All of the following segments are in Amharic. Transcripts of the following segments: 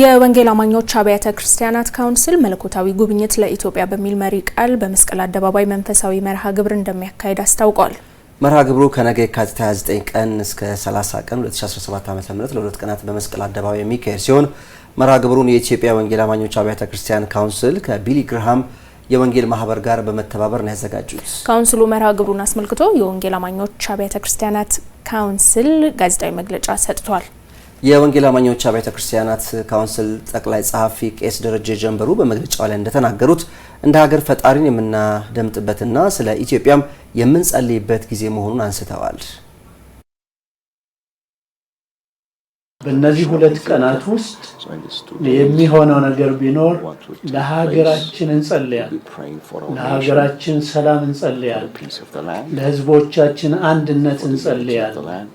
የወንጌል አማኞች አብያተ ክርስቲያናት ካውንስል መለኮታዊ ጉብኝት ለኢትዮጵያ በሚል መሪ ቃል በመስቀል አደባባይ መንፈሳዊ መርሃ ግብር እንደሚያካሄድ አስታውቋል። መርሃ ግብሩ ከነገ የካቲት 29 ቀን እስከ 30 ቀን 2017 ዓ ም ለሁለት ቀናት በመስቀል አደባባይ የሚካሄድ ሲሆን መርሃ ግብሩን የኢትዮጵያ ወንጌል አማኞች አብያተ ክርስቲያን ካውንስል ከቢሊ ግርሃም የወንጌል ማህበር ጋር በመተባበር ነው ያዘጋጁት። ካውንስሉ መርሃ ግብሩን አስመልክቶ የወንጌል አማኞች አብያተ ክርስቲያናት ካውንስል ጋዜጣዊ መግለጫ ሰጥቷል። የወንጌል አማኞች አብያተ ክርስቲያናት ካውንስል ጠቅላይ ጸሐፊ ቄስ ደረጀ ጀንበሩ በመግለጫው ላይ እንደተናገሩት እንደ ሀገር ፈጣሪን የምናደምጥበትና ስለ ኢትዮጵያም የምንጸልይበት ጊዜ መሆኑን አንስተዋል። በእነዚህ ሁለት ቀናት ውስጥ የሚሆነው ነገር ቢኖር ለሀገራችን እንጸልያለን፣ ለሀገራችን ሰላም እንጸልያለን፣ ለሕዝቦቻችን አንድነት እንጸልያለን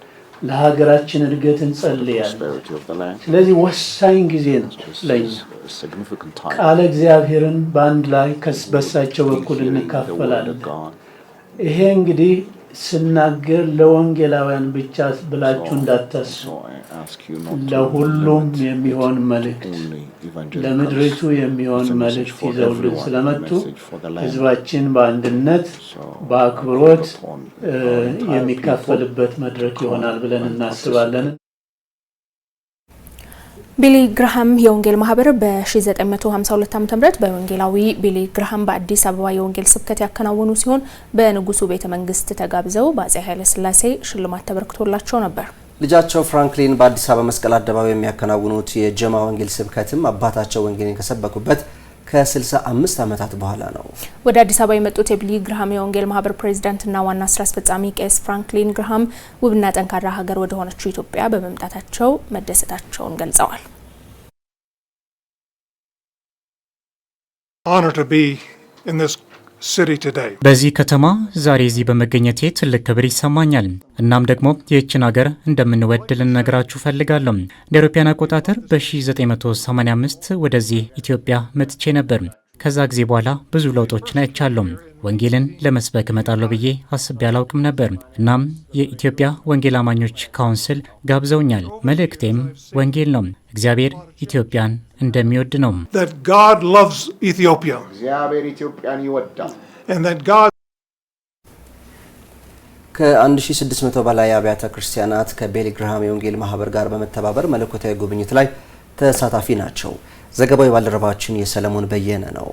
ለሀገራችን እድገት እንጸልያለን። ስለዚህ ወሳኝ ጊዜ ነው ለኛ። ቃለ እግዚአብሔርን በአንድ ላይ በሳቸው በኩል እንካፈላለን። ይሄ እንግዲህ ስናገር ለወንጌላውያን ብቻ ብላችሁ እንዳታስ ለሁሉም የሚሆን መልእክት፣ ለምድሪቱ የሚሆን መልእክት ይዘውልን ስለመጡ ህዝባችን በአንድነት በአክብሮት uh, uh, የሚካፈልበት መድረክ ይሆናል ብለን እናስባለን። ቢሊ ግርሃም የወንጌል ማህበር በ1952 ም በወንጌላዊ ቢሊ ግርሃም በአዲስ አበባ የወንጌል ስብከት ያከናወኑ ሲሆን በንጉሱ ቤተ መንግስት ተጋብዘው በአጼ ኃይለ ስላሴ ሽልማት ተበርክቶላቸው ነበር። ልጃቸው ፍራንክሊን በአዲስ አበባ መስቀል አደባባይ የሚያከናውኑት የጀማ ወንጌል ስብከትም አባታቸው ወንጌልን ከሰበኩበት ከ65 ዓመታት በኋላ ነው ወደ አዲስ አበባ የመጡት። የቢሊ ግርሃም የወንጌል ማህበር ፕሬዚዳንትና ዋና ስራ አስፈጻሚ ቄስ ፍራንክሊን ግርሃም ውብና ጠንካራ ሀገር ወደ ሆነችው ኢትዮጵያ በመምጣታቸው መደሰታቸውን ገልጸዋል። በዚህ ከተማ ዛሬ እዚህ በመገኘቴ ትልቅ ክብር ይሰማኛል። እናም ደግሞ ይህችን ሀገር እንደምንወድ ልነግራችሁ ፈልጋለሁ። እንደ አውሮፓውያን አቆጣጠር በ1985 ወደዚህ ኢትዮጵያ መጥቼ ነበር። ከዛ ጊዜ በኋላ ብዙ ለውጦችን አይቻለሁ። ወንጌልን ለመስበክ እመጣለሁ ብዬ አስቤ አላውቅም ነበር። እናም የኢትዮጵያ ወንጌል አማኞች ካውንስል ጋብዘውኛል። መልእክቴም ወንጌል ነው። እግዚአብሔር ኢትዮጵያን እንደሚወድ ነው። እግዚአብሔር ኢትዮጵያን ይወዳል። ከ1600 በላይ አብያተ ክርስቲያናት ከቤሊግርሃም የወንጌል ማህበር ጋር በመተባበር መለኮታዊ ጉብኝት ላይ ተሳታፊ ናቸው። ዘገባው የባልደረባችን የሰለሞን በየነ ነው።